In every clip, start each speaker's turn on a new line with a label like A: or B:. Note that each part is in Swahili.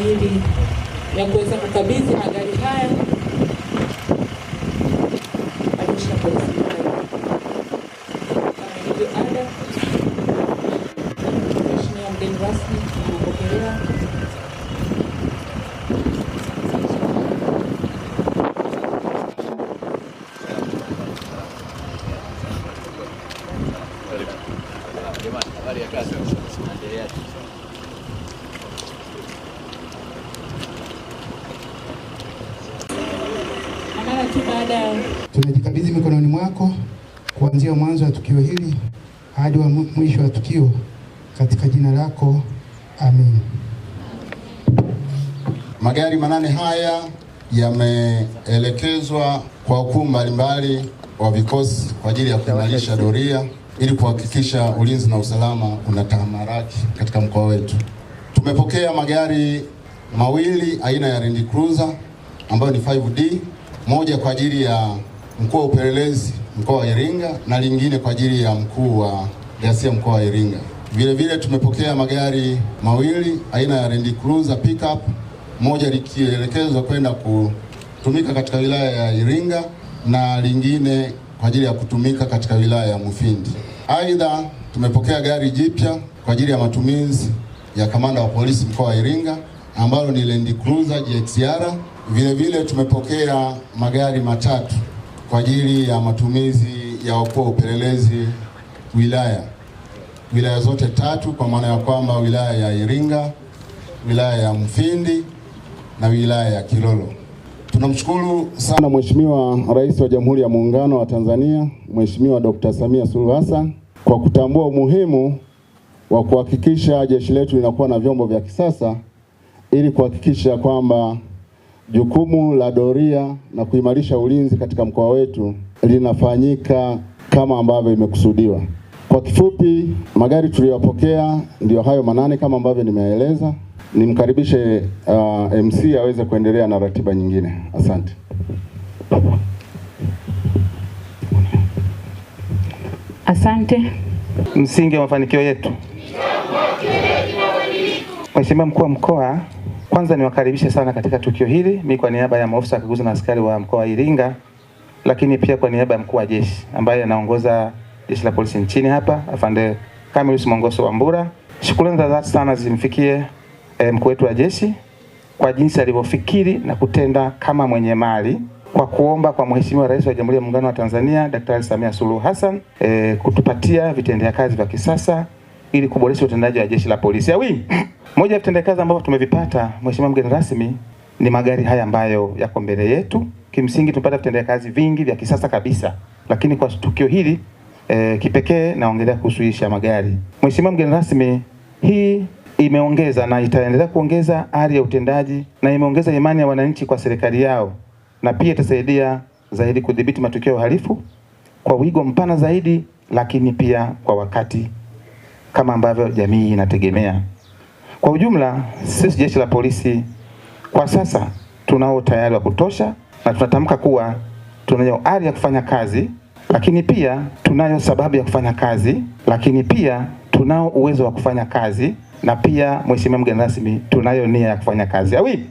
A: stahili ya kuweza kukabidhi magari haya alisha polisi kama ilivyo ada. Mheshimiwa mgeni rasmi anapokelewa Habari ya kazi, endelea. baadaye. Tunajikabidhi mikononi mwako kuanzia mwanzo wa tukio hili hadi wa mwisho wa tukio katika jina lako, amin.
B: Magari manane haya yameelekezwa kwa wakuu mbalimbali wa vikosi kwa ajili ya kuimarisha doria ili kuhakikisha ulinzi na usalama unatamaraki katika mkoa wetu. Tumepokea magari mawili aina ya Land Cruiser ambayo ni 5D moja kwa ajili ya mkuu wa upelelezi mkoa wa Iringa na lingine kwa ajili ya mkuu wa ghasia mkoa wa Iringa. Vilevile tumepokea magari mawili aina ya Land Cruiser pickup, moja likielekezwa kwenda kutumika katika wilaya ya Iringa na lingine kwa ajili ya kutumika katika wilaya ya Mufindi. Aidha, tumepokea gari jipya kwa ajili ya matumizi ya kamanda wa polisi mkoa wa Iringa ambalo ni Land Cruiser GXR vile vile tumepokea magari matatu kwa ajili ya matumizi ya wakuu wa upelelezi wilaya wilaya zote tatu, kwa maana ya kwamba wilaya ya Iringa, wilaya ya Mfindi na wilaya ya Kilolo. Tunamshukuru sana Mheshimiwa Rais wa Jamhuri ya Muungano wa Tanzania, Mheshimiwa Dr. Samia Suluhu Hassan kwa kutambua umuhimu wa kuhakikisha jeshi letu linakuwa na vyombo vya kisasa ili kuhakikisha kwamba Jukumu la doria na kuimarisha ulinzi katika mkoa wetu linafanyika kama ambavyo imekusudiwa. Kwa kifupi, magari tuliyopokea ndiyo hayo manane kama ambavyo nimeeleza. Nimkaribishe uh, MC aweze kuendelea na ratiba nyingine. Asante.
C: Asante.
D: Msingi wa mafanikio yetu, Mheshimiwa Mkuu wa Mkoa kwanza niwakaribishe sana katika tukio hili, mimi kwa niaba ya maofisa wa wakaguzi na askari wa mkoa wa Iringa, lakini pia kwa niaba ya mkuu wa jeshi ambaye anaongoza jeshi la polisi nchini hapa, afande Kamilus Mongoso wa Mbura, Shukrani za dhati sana zimfikie eh, mkuu wetu wa jeshi kwa jinsi alivyofikiri na kutenda kama mwenye mali kwa kuomba kwa Mheshimiwa Rais wa Jamhuri ya Muungano wa Tanzania Daktari Samia Suluhu Hassan eh, kutupatia vitendea kazi vya kisasa ili kuboresha utendaji wa jeshi la polisi. Awi, moja ya vitendea kazi ambavyo tumevipata mheshimiwa mgeni rasmi ni magari haya ambayo yako mbele yetu. Kimsingi tumepata vitendea kazi vingi vya kisasa kabisa, lakini kwa tukio hili e, kipekee naongelea kuhusu isha magari. Mheshimiwa mgeni rasmi, hii imeongeza na itaendelea kuongeza ari ya utendaji na imeongeza imani ya wananchi kwa serikali yao, na pia itasaidia zaidi kudhibiti matukio ya uhalifu kwa wigo mpana zaidi, lakini pia kwa wakati kama ambavyo jamii inategemea. Kwa ujumla, sisi jeshi la polisi kwa sasa tunao tayari wa kutosha na tunatamka kuwa tunayo ari ya kufanya kazi, lakini pia tunayo sababu ya kufanya kazi, lakini pia tunao uwezo wa kufanya kazi, na pia Mheshimiwa mgeni rasmi, tunayo nia ya kufanya kazi awi.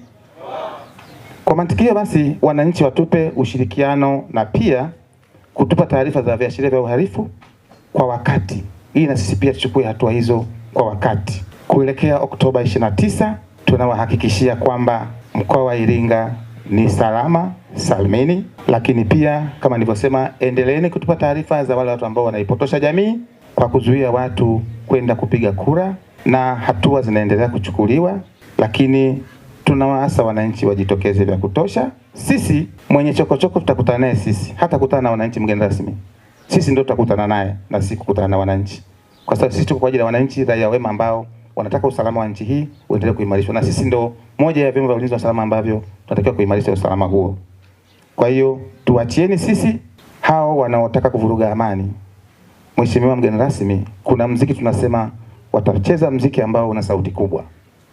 D: Kwa mantiki hiyo basi, wananchi watupe ushirikiano na pia kutupa taarifa za viashiria vya uhalifu kwa wakati ili na sisi pia tuchukue hatua hizo kwa wakati. Kuelekea Oktoba 29, tunawahakikishia kwamba mkoa wa Iringa ni salama salmini, lakini pia kama nilivyosema, endeleeni kutupa taarifa za wale watu ambao wanaipotosha jamii kwa kuzuia watu kwenda kupiga kura, na hatua zinaendelea kuchukuliwa, lakini tunawaasa wananchi wajitokeze vya kutosha. Sisi mwenye chokochoko tutakutana naye sisi, hata kutana na wananchi mgeni rasmi sisi ndio tutakutana naye na sisi kukutana na wananchi, kwa sababu sisi tuko kwa ajili ya wananchi, raia wema ambao wanataka usalama wa nchi hii uendelee kuimarishwa, na sisi ndio moja ya vyombo vya ulinzi wa usalama ambavyo tunatakiwa kuimarisha usalama huo. Kwa hiyo tuachieni sisi hao wanaotaka kuvuruga amani. Mheshimiwa mgeni rasmi, kuna mziki tunasema watacheza mziki ambao una sauti kubwa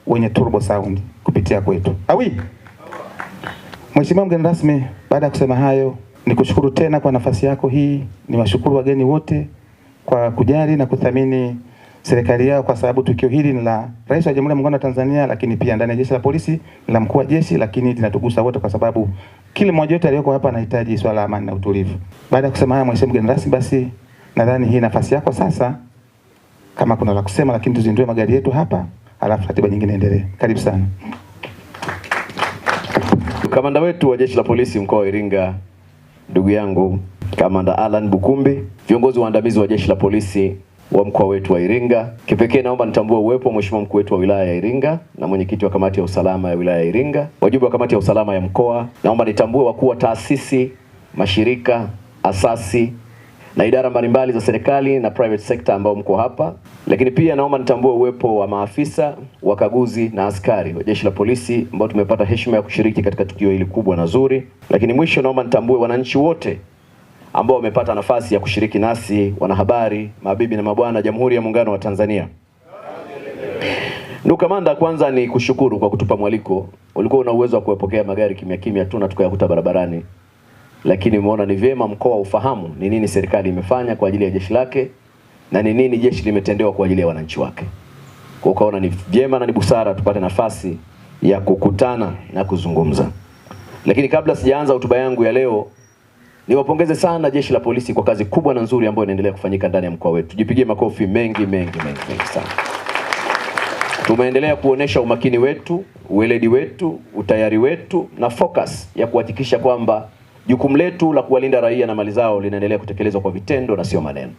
D: wenye turbo sound kupitia kwetu awi. Mheshimiwa mgeni rasmi, baada ya kusema hayo nikushukuru tena kwa nafasi yako hii. Niwashukuru wageni wote kwa kujali na kuthamini serikali yao, kwa sababu tukio hili ni la Rais wa Jamhuri ya Muungano wa Tanzania, lakini pia ndani ya jeshi la polisi la mkuu wa jeshi, lakini linatugusa wote, kwa sababu kila mmoja wetu aliyoko hapa anahitaji swala la amani na utulivu. Baada ya kusema haya, mheshimiwa mgeni rasmi, basi nadhani hii nafasi yako sasa, kama kuna la kusema, lakini tuzindue magari yetu hapa, alafu ratiba nyingine endelee. Karibu sana kamanda wetu wa jeshi la polisi mkoa wa Iringa ndugu yangu Kamanda Alan Bukumbi, viongozi waandamizi wa Jeshi la Polisi wa mkoa wetu wa Iringa. Kipekee naomba nitambue uwepo wa mheshimiwa mkuu wetu wa wilaya ya Iringa na mwenyekiti wa kamati ya usalama ya wilaya ya Iringa, wajumbe wa kamati ya usalama ya mkoa. Naomba nitambue wakuu wa taasisi, mashirika, asasi na idara mbalimbali za serikali na private sector ambao mko hapa, lakini pia naomba nitambue uwepo wa maafisa wakaguzi na askari wa jeshi la polisi ambao tumepata heshima ya kushiriki katika tukio hili kubwa na zuri. Lakini mwisho, naomba nitambue wananchi wote ambao wamepata nafasi ya kushiriki nasi, wanahabari, mabibi na mabwana, Jamhuri ya Muungano wa Tanzania. Ndugu kamanda, kwanza ni kushukuru kwa kutupa mwaliko. Ulikuwa una uwezo wa kuyapokea magari kimya kimya tu na tukayakuta barabarani lakini umeona ni vyema mkoa ufahamu ni nini serikali imefanya kwa ajili ya jeshi lake na ni nini jeshi limetendewa kwa ajili ya wananchi wake. Kwa ukaona ni vyema na ni busara tupate nafasi ya kukutana na kuzungumza. Lakini kabla sijaanza hotuba yangu ya leo, niwapongeze sana jeshi la polisi kwa kazi kubwa na nzuri ambayo inaendelea kufanyika ndani ya mkoa wetu. Tujipigie makofi mengi mengi mengi, mengi sana. Tumeendelea kuonesha umakini wetu, uweledi wetu, utayari wetu na focus ya kuhakikisha kwamba Jukumu letu la kuwalinda raia na mali zao linaendelea kutekelezwa kwa vitendo na sio maneno.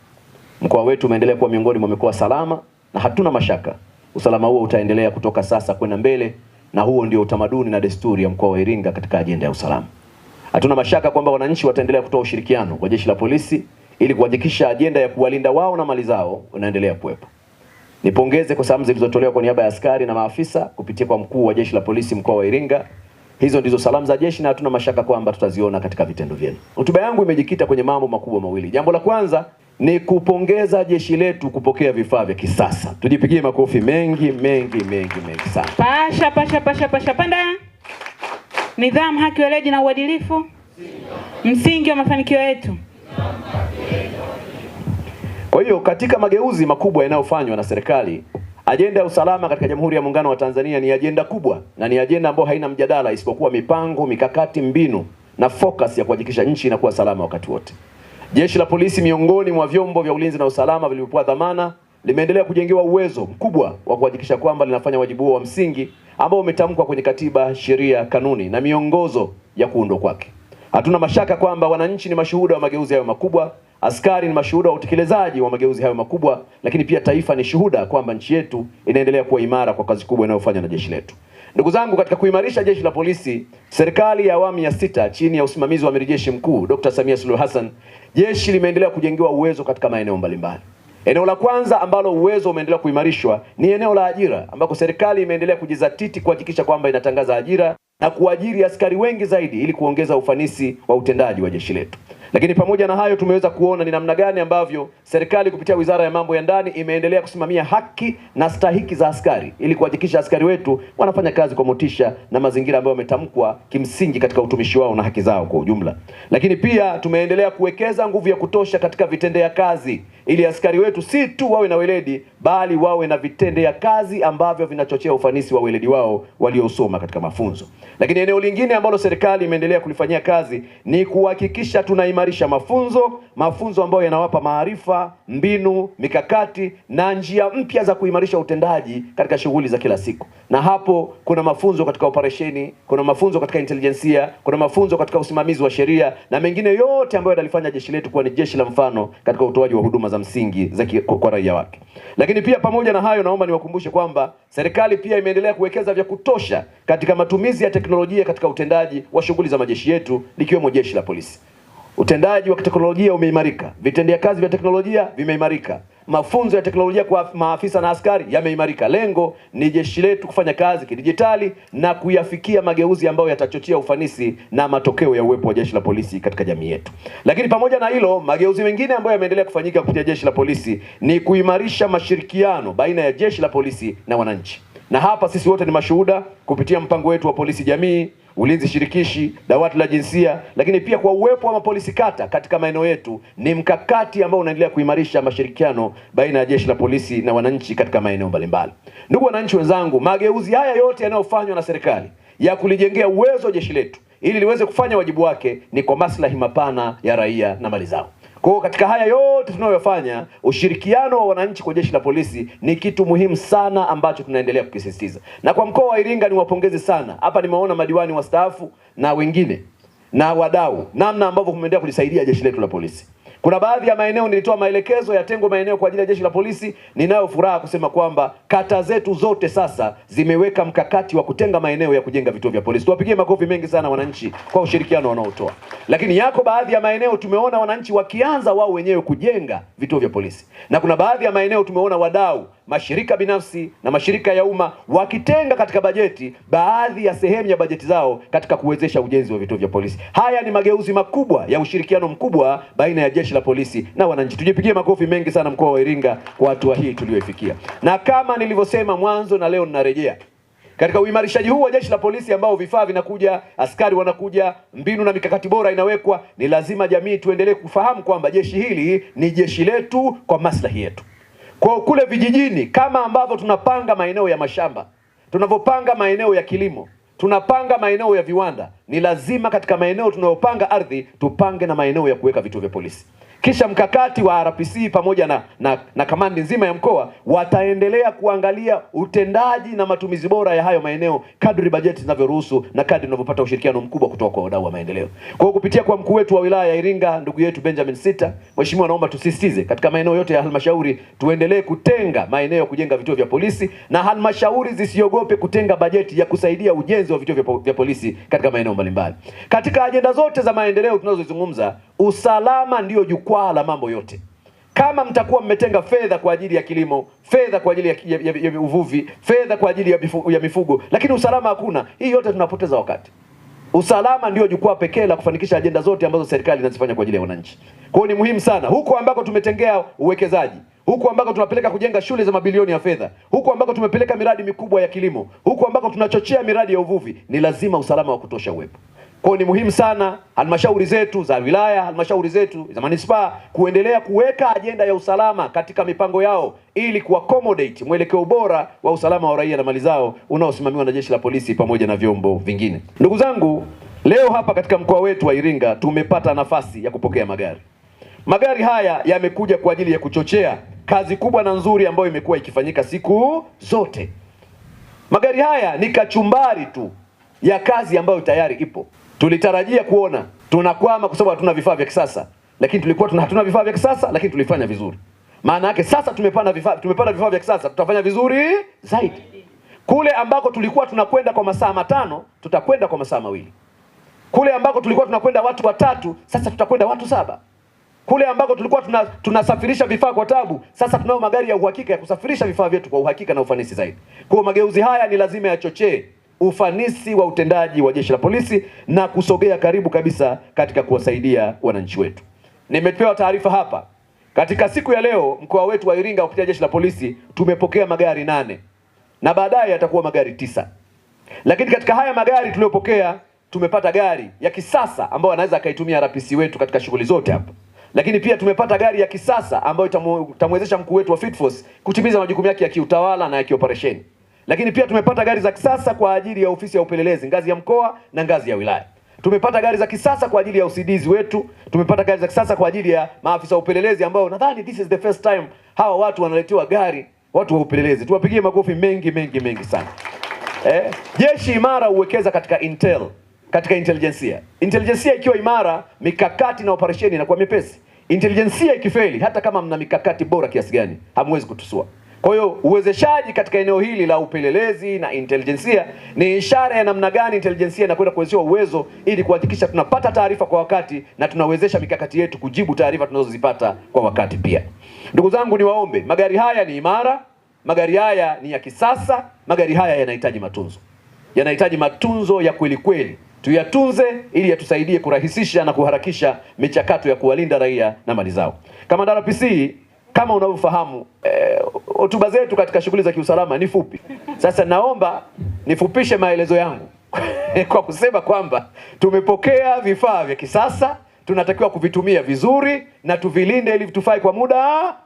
D: Mkoa wetu umeendelea kuwa miongoni mwa mikoa salama na hatuna mashaka usalama huo utaendelea kutoka sasa kwenda mbele, na huo ndio utamaduni na desturi ya mkoa wa Iringa katika ajenda ya usalama. Hatuna mashaka kwamba wananchi wataendelea kutoa ushirikiano kwa jeshi la polisi ili kuhakikisha ajenda ya kuwalinda wao na mali zao unaendelea kuwepo. Nipongeze kwa salamu zilizotolewa kwa niaba ya askari na maafisa kupitia kwa mkuu wa jeshi la polisi mkoa wa Iringa. Hizo ndizo salamu za jeshi na hatuna mashaka kwamba tutaziona katika vitendo vyenu. Hotuba yangu imejikita kwenye mambo makubwa mawili. Jambo la kwanza ni kupongeza jeshi letu kupokea vifaa vya kisasa. Tujipigie makofi mengi mengi mengi mengi sana.
C: Pasha pasha pasha pasha panda. Nidhamu, haki, weledi na uadilifu msingi wa mafanikio yetu.
D: Kwa hiyo katika mageuzi makubwa yanayofanywa na serikali Ajenda ya usalama katika Jamhuri ya Muungano wa Tanzania ni ajenda kubwa na ni ajenda ambayo haina mjadala isipokuwa mipango, mikakati, mbinu na focus ya kuhakikisha nchi inakuwa salama wakati wote. Jeshi la Polisi miongoni mwa vyombo vya ulinzi na usalama vilivyopewa dhamana limeendelea kujengewa uwezo mkubwa wa kuhakikisha kwamba linafanya wajibu huo wa msingi ambao umetamkwa kwenye katiba, sheria, kanuni na miongozo ya kuundwa kwake. Hatuna mashaka kwamba wananchi ni mashuhuda wa mageuzi hayo makubwa, askari ni mashuhuda wa utekelezaji wa mageuzi hayo makubwa, lakini pia taifa ni shuhuda kwamba nchi yetu inaendelea kuwa imara kwa kazi kubwa inayofanywa na jeshi letu. Ndugu zangu, katika kuimarisha jeshi la polisi, serikali ya awamu ya sita chini ya usimamizi wa Amiri Jeshi Mkuu Dr. Samia Suluhu Hassan, jeshi limeendelea kujengewa uwezo katika maeneo mbalimbali. Eneo la kwanza ambalo uwezo umeendelea kuimarishwa ni eneo la ajira, ambako serikali imeendelea kujizatiti kuhakikisha kwamba inatangaza ajira na kuajiri askari wengi zaidi ili kuongeza ufanisi wa utendaji wa jeshi letu. Lakini pamoja na hayo, tumeweza kuona ni namna gani ambavyo serikali kupitia Wizara ya Mambo ya Ndani imeendelea kusimamia haki na stahiki za askari ili kuhakikisha askari wetu wanafanya kazi kwa motisha na mazingira ambayo wametamkwa kimsingi katika utumishi wao na haki zao kwa ujumla. Lakini pia tumeendelea kuwekeza nguvu ya kutosha katika vitendea kazi ili askari wetu si tu wawe na weledi, bali wawe na vitendea kazi ambavyo vinachochea ufanisi wa weledi wao waliosoma katika mafunzo. Lakini eneo lingine ambalo serikali imeendelea kulifanyia kazi ni kuhakikisha tunaimarisha mafunzo, mafunzo ambayo yanawapa maarifa, mbinu, mikakati na njia mpya za kuimarisha utendaji katika shughuli za kila siku. Na hapo kuna mafunzo katika operesheni, kuna mafunzo katika intelijensia, kuna mafunzo katika usimamizi wa sheria na mengine yote ambayo yalifanya jeshi letu kuwa ni jeshi la mfano katika utoaji wa huduma za msingi za kwa raia wake. Lakini pia pamoja na hayo, naomba niwakumbushe kwamba serikali pia imeendelea kuwekeza vya kutosha katika matumizi ya teknolojia katika utendaji wa shughuli za majeshi yetu likiwemo jeshi la polisi. Utendaji wa kiteknolojia umeimarika, vitendea kazi vya teknolojia vimeimarika, mafunzo ya teknolojia kwa maafisa na askari yameimarika. Lengo ni jeshi letu kufanya kazi kidijitali na kuyafikia mageuzi ambayo yatachochea ufanisi na matokeo ya uwepo wa jeshi la polisi katika jamii yetu. Lakini pamoja na hilo, mageuzi mengine ambayo yameendelea kufanyika kupitia jeshi la polisi ni kuimarisha mashirikiano baina ya jeshi la polisi na wananchi. Na hapa sisi wote ni mashuhuda kupitia mpango wetu wa polisi jamii, ulinzi shirikishi, dawati la jinsia, lakini pia kwa uwepo wa mapolisi kata katika maeneo yetu, ni mkakati ambao unaendelea kuimarisha mashirikiano baina ya jeshi la polisi na wananchi katika maeneo mbalimbali. Ndugu wananchi wenzangu, mageuzi haya yote yanayofanywa na serikali ya kulijengea uwezo jeshi letu ili liweze kufanya wajibu wake ni kwa maslahi mapana ya raia na mali zao. Kwa hiyo katika haya yote tunayoyafanya, ushirikiano wa wananchi kwa jeshi la polisi ni kitu muhimu sana ambacho tunaendelea kukisisitiza. Na kwa mkoa wa Iringa niwapongeze sana, hapa nimeona madiwani wastaafu na wengine na wadau, namna ambavyo mmeendelea kulisaidia jeshi letu la polisi. Kuna baadhi ya maeneo nilitoa maelekezo yatengwe maeneo kwa ajili ya jeshi la polisi. Ninayo furaha kusema kwamba kata zetu zote sasa zimeweka mkakati wa kutenga maeneo ya kujenga vituo vya polisi. Tuwapigie makofi mengi sana wananchi kwa ushirikiano wanaotoa. Lakini yako baadhi ya maeneo tumeona wananchi wakianza wao wenyewe kujenga vituo vya polisi, na kuna baadhi ya maeneo tumeona wadau, mashirika binafsi na mashirika ya umma wakitenga katika bajeti baadhi ya sehemu ya bajeti zao katika kuwezesha ujenzi wa vituo vya polisi. Haya ni mageuzi makubwa ya ushirikiano mkubwa baina ya jeshi la polisi na wananchi. Tujipigie makofi mengi sana mkoa wa Iringa kwa hatua hii tuliyoifikia, na kama nilivyosema mwanzo na leo ninarejea katika uimarishaji huu wa jeshi la polisi ambao vifaa vinakuja, askari wanakuja, mbinu na mikakati bora inawekwa, ni lazima jamii tuendelee kufahamu kwamba jeshi hili ni jeshi letu kwa maslahi yetu. Kwa kule vijijini, kama ambavyo tunapanga maeneo ya mashamba, tunavyopanga maeneo ya kilimo, tunapanga maeneo ya viwanda, ni lazima katika maeneo tunayopanga ardhi tupange na maeneo ya kuweka vituo vya polisi. Kisha mkakati wa RPC pamoja na, na, na kamandi nzima ya mkoa wataendelea kuangalia utendaji na matumizi bora ya hayo maeneo kadri bajeti zinavyoruhusu na kadri tunavyopata ushirikiano mkubwa kutoka kwa wadau wa maendeleo. Kwa hiyo kupitia kwa mkuu wetu wa wilaya ya Iringa ndugu yetu Benjamin Sita, mheshimiwa, naomba tusisitize katika maeneo yote ya halmashauri tuendelee kutenga maeneo ya kujenga vituo vya polisi na halmashauri zisiogope kutenga bajeti ya kusaidia ujenzi wa vituo vya, vya polisi katika maeneo mbalimbali. Katika ajenda zote za maendeleo tunazozizungumza, usalama ndio jukwaa jukwaa la mambo yote. Kama mtakuwa mmetenga fedha kwa ajili ya kilimo, fedha kwa ajili ya, ya, ya, ya uvuvi, fedha kwa ajili ya, bifu, ya mifugo, lakini usalama hakuna, hii yote tunapoteza wakati. Usalama ndio jukwaa pekee la kufanikisha ajenda zote ambazo serikali inazifanya kwa ajili ya wananchi. Kwa hiyo ni muhimu sana huko ambako tumetengea uwekezaji huku ambako tunapeleka kujenga shule za mabilioni ya fedha, huku ambako tumepeleka miradi mikubwa ya kilimo, huku ambako tunachochea miradi ya uvuvi, ni lazima usalama wa kutosha uwepo. Kwa hiyo ni muhimu sana halmashauri zetu za wilaya, halmashauri zetu za manispaa kuendelea kuweka ajenda ya usalama katika mipango yao ili kuaccommodate mwelekeo bora wa usalama wa raia na mali zao unaosimamiwa na jeshi la polisi pamoja na vyombo vingine. Ndugu zangu, leo hapa katika mkoa wetu wa Iringa tumepata nafasi ya kupokea magari. Magari haya yamekuja kwa ajili ya kuchochea kazi kubwa na nzuri ambayo imekuwa ikifanyika siku zote. Magari haya ni kachumbari tu ya kazi ambayo tayari ipo. Tulitarajia kuona tunakwama kwa sababu hatuna vifaa vya kisasa, lakini tulikuwa tuna hatuna vifaa vya kisasa, lakini tulifanya vizuri. Maana yake sasa tumepanda vifaa tumepanda vifaa vya kisasa, tutafanya vizuri zaidi. Kule ambako tulikuwa tunakwenda kwa masaa matano, tutakwenda kwa masaa mawili. Kule ambako tulikuwa tunakwenda watu watatu, sasa tutakwenda watu saba. Kule ambako tulikuwa tuna, tunasafirisha vifaa kwa tabu, sasa tunao magari ya uhakika ya kusafirisha vifaa vyetu kwa uhakika na ufanisi zaidi. Kwa mageuzi haya ni lazima yachochee ufanisi wa utendaji wa jeshi la polisi na kusogea karibu kabisa katika kuwasaidia wananchi wetu. Nimepewa taarifa hapa katika siku ya leo, mkoa wetu wa Iringa kupitia jeshi la polisi tumepokea magari nane na baadaye yatakuwa magari tisa, lakini katika haya magari tuliyopokea tumepata gari ya kisasa ambayo anaweza akaitumia RPC wetu katika shughuli zote hapa, lakini pia tumepata gari ya kisasa ambayo itamwezesha mkuu wetu wa Fitforce kutimiza majukumu yake ya kiutawala na ya kioperesheni. Lakini pia tumepata gari za kisasa kwa ajili ya ofisi ya upelelezi ngazi ya mkoa na ngazi ya wilaya. Tumepata gari za kisasa kwa ajili ya usidizi wetu. Tumepata gari za kisasa kwa ajili ya maafisa wa upelelezi ambao nadhani this is the first time hawa watu wanaletewa gari, watu wa upelelezi. Tuwapigie makofi mengi mengi mengi sana. Eh, jeshi imara uwekeza katika intel, katika intelligence. Intelligence ikiwa imara, mikakati na operesheni inakuwa mepesi. Intelligence ikifeli, hata kama mna mikakati bora kiasi gani, hamwezi kutusua. Kwa hiyo uwezeshaji katika eneo hili la upelelezi na intelijensia ni ishara ya namna gani intelijensia inakwenda kuwezesha uwezo ili kuhakikisha tunapata taarifa kwa wakati na tunawezesha mikakati yetu kujibu taarifa tunazozipata kwa wakati. Pia ndugu zangu, niwaombe, magari haya ni imara, magari haya ni ya kisasa, magari haya yanahitaji matunzo, yanahitaji matunzo ya kweli kweli, tuyatunze ili yatusaidie kurahisisha na kuharakisha michakato ya kuwalinda raia na mali zao. Kama DRPC, kama unavyofahamu eh, hotuba zetu katika shughuli za kiusalama ni fupi. Sasa naomba nifupishe maelezo yangu kwa kusema kwamba tumepokea vifaa vya kisasa, tunatakiwa kuvitumia vizuri na tuvilinde ili vitufai kwa muda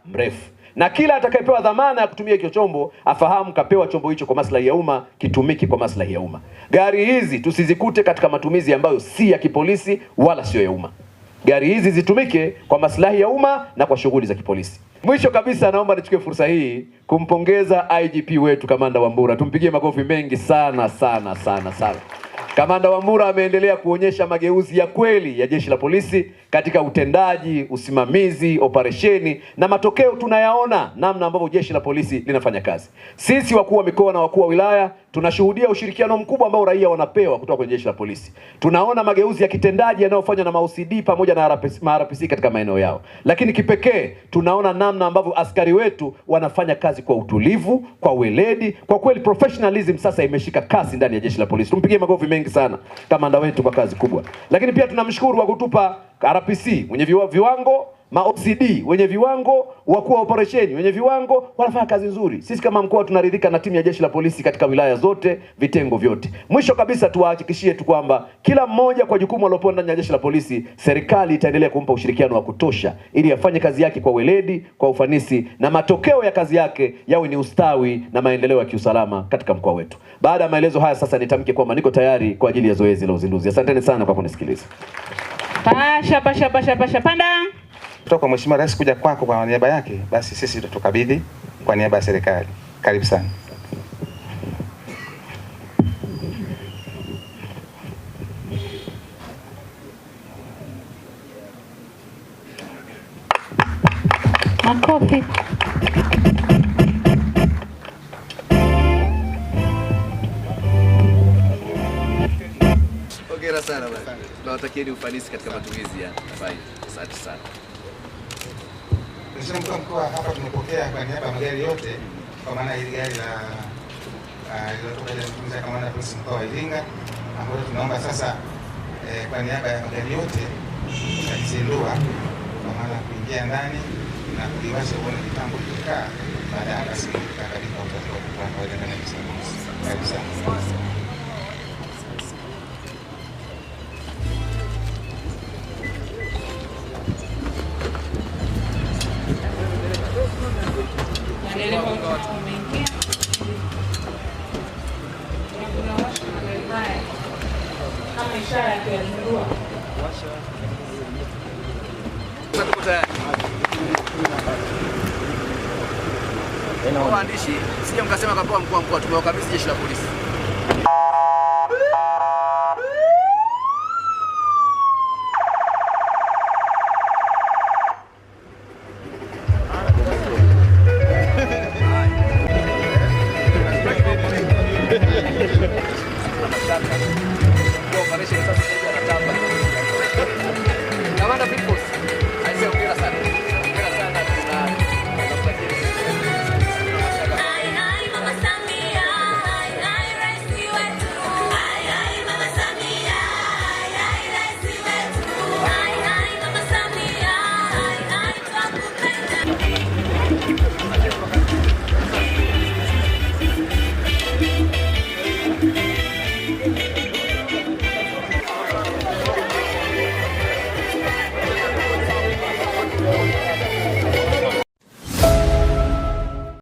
D: mrefu, na kila atakayepewa dhamana ya kutumia hicho chombo afahamu kapewa chombo hicho kwa maslahi ya umma, kitumiki kwa maslahi ya umma. Gari hizi tusizikute katika matumizi ambayo si ya kipolisi wala sio ya umma gari hizi zitumike kwa maslahi ya umma na kwa shughuli za kipolisi. Mwisho kabisa, naomba nichukue fursa hii kumpongeza IGP wetu Kamanda Wambura, tumpigie makofi mengi sana sana sana sana. Kamanda Wambura ameendelea kuonyesha mageuzi ya kweli ya Jeshi la Polisi katika utendaji, usimamizi, operesheni na matokeo tunayaona namna ambavyo Jeshi la Polisi linafanya kazi. Sisi wakuu wa mikoa na wakuu wa wilaya tunashuhudia ushirikiano mkubwa ambao raia wanapewa kutoka kwenye Jeshi la Polisi. Tunaona mageuzi ya kitendaji yanayofanywa na mausidi pamoja na marapisi katika maeneo yao, lakini kipekee tunaona namna ambavyo askari wetu wanafanya kazi kwa utulivu, kwa weledi. Kwa kweli professionalism sasa imeshika kasi ndani ya Jeshi la Polisi. Tumpigie makofi mengi mengi sana kamanda wetu kwa kazi kubwa, lakini pia tunamshukuru kwa kutupa RPC mwenye viwango ma OCD wenye viwango, wakuu wa operesheni wenye viwango, wanafanya kazi nzuri. Sisi kama mkoa tunaridhika na timu ya jeshi la polisi katika wilaya zote, vitengo vyote. Mwisho kabisa, tuwahakikishie tu kwamba kila mmoja kwa jukumu alilopewa ndani ya jeshi la polisi, serikali itaendelea kumpa ushirikiano wa kutosha ili afanye kazi yake kwa weledi, kwa ufanisi, na matokeo ya kazi yake yawe ni ustawi na maendeleo ya kiusalama katika mkoa wetu. Baada ya maelezo haya, sasa nitamke kwamba niko tayari kwa ajili ya zoezi la uzinduzi. Asanteni sana kwa kunisikiliza.
C: Pasha, pasha, pasha, pasha, panda
D: kutoka kwa Mheshimiwa Rais kuja kwako kwa niaba yake, basi sisi tutakabidhi kwa niaba ya serikali. Karibu sana.
C: Makofi.
D: Hongera sana bwana. Tunawatakieni ufanisi katika matumizi ya. Asante sana. Mheshimiwa Mkuu wa Mkoa, hapa tumepokea kwa niaba ya magari yote, kwa maana hili gari la ah, lililotoka mtumizi la Kamanda Polisi Mkoa wa Iringa, ambayo tunaomba sasa eh, kwa niaba ya magari yote tutalizindua, kwa maana kuingia ndani na kuliwasha uone mitambo iliyokaa baada ya kasi kukabidhi kwa utaratibu kwa kawaida ndani ya Jeshi Karibu sana. kama ishara Waandishi, sije mkasema kapewa mkuu wa mkoa tumewakabidhi jeshi la polisi.